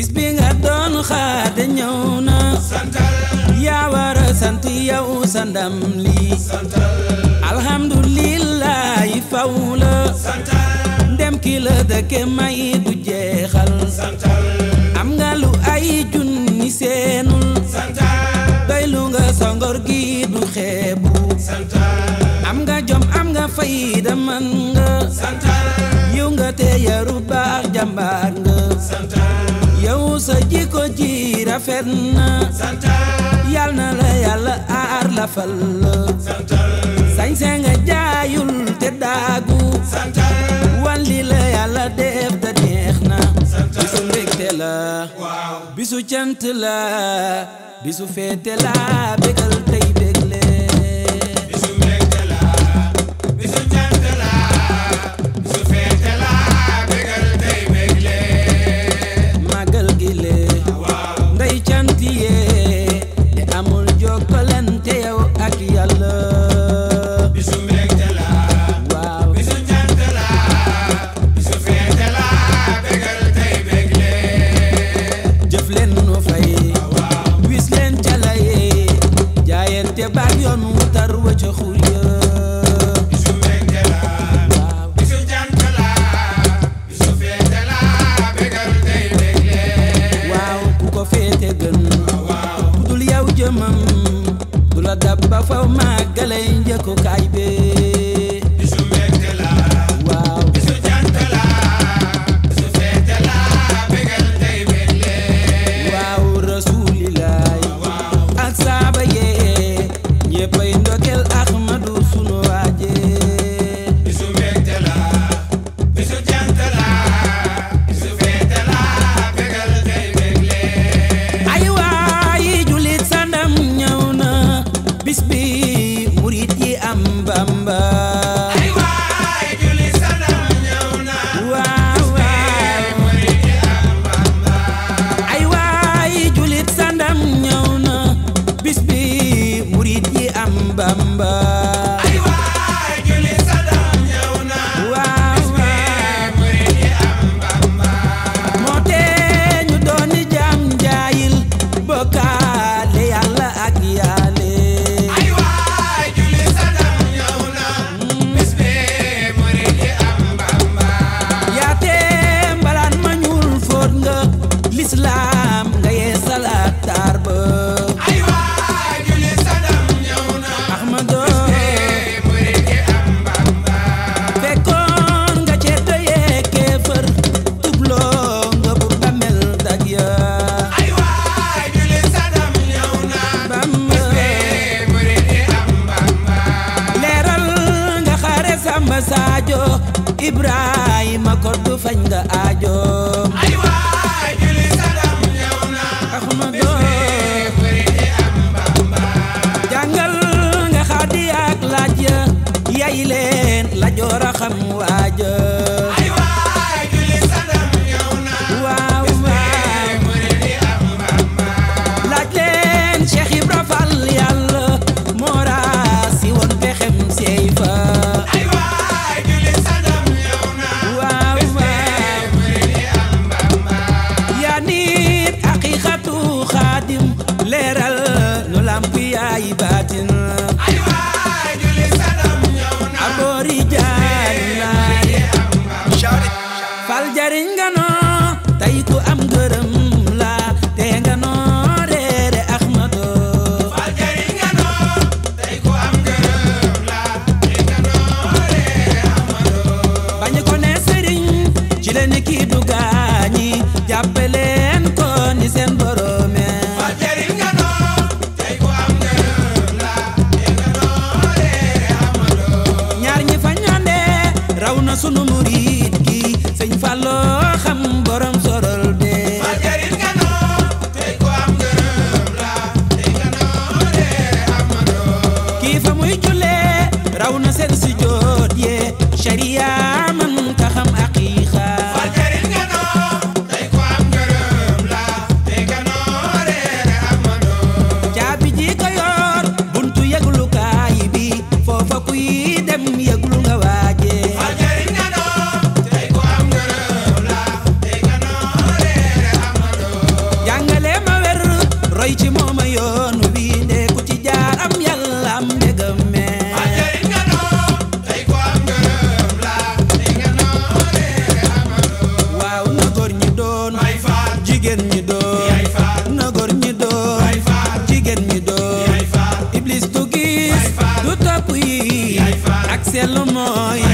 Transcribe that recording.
bis bi nga don xaar de ñëw na santal ya sant yow sa ndam li santal faula dem la santal ndem ki la dëkke may du jexal am nga lu ay junni seenul santal lu nga sangor gi du xebu am nga jom am nga fayda man nga yu nga te yaru baax jambar nga sa jikko ji rafet na yal na la yàlla aar la santal sañse nga jaayul te daagu santal la yàlla def da neex na bisu mbégte la bisu cant la bisu feete la bégal tey màggalay njëkkukaay bi Ibrahima ko du fañ nga aajo ay waay juli salam ñëw na Ahmadu furiti am Bamba jàngal nga xaadi ak yay leen la joora xam yaay baatin ay waay juli sadam ñëw na aboori jaay naay fal jariñ nga noo tey ku am gërëm la te nga noo reere Ahmadu fal jariñ nga noo tey ku am gërëm la te nga noo reere Ahmadu bañ ko ne sëriñ ci la ni kii du gaañi jàppale sunu murid gi sëñ Fallu xam borom sorol de ma jariñ nga noo ko am ngërëm la tey nga noo de Amadou kii fa muy jullee raw na seen si jo sellu mooy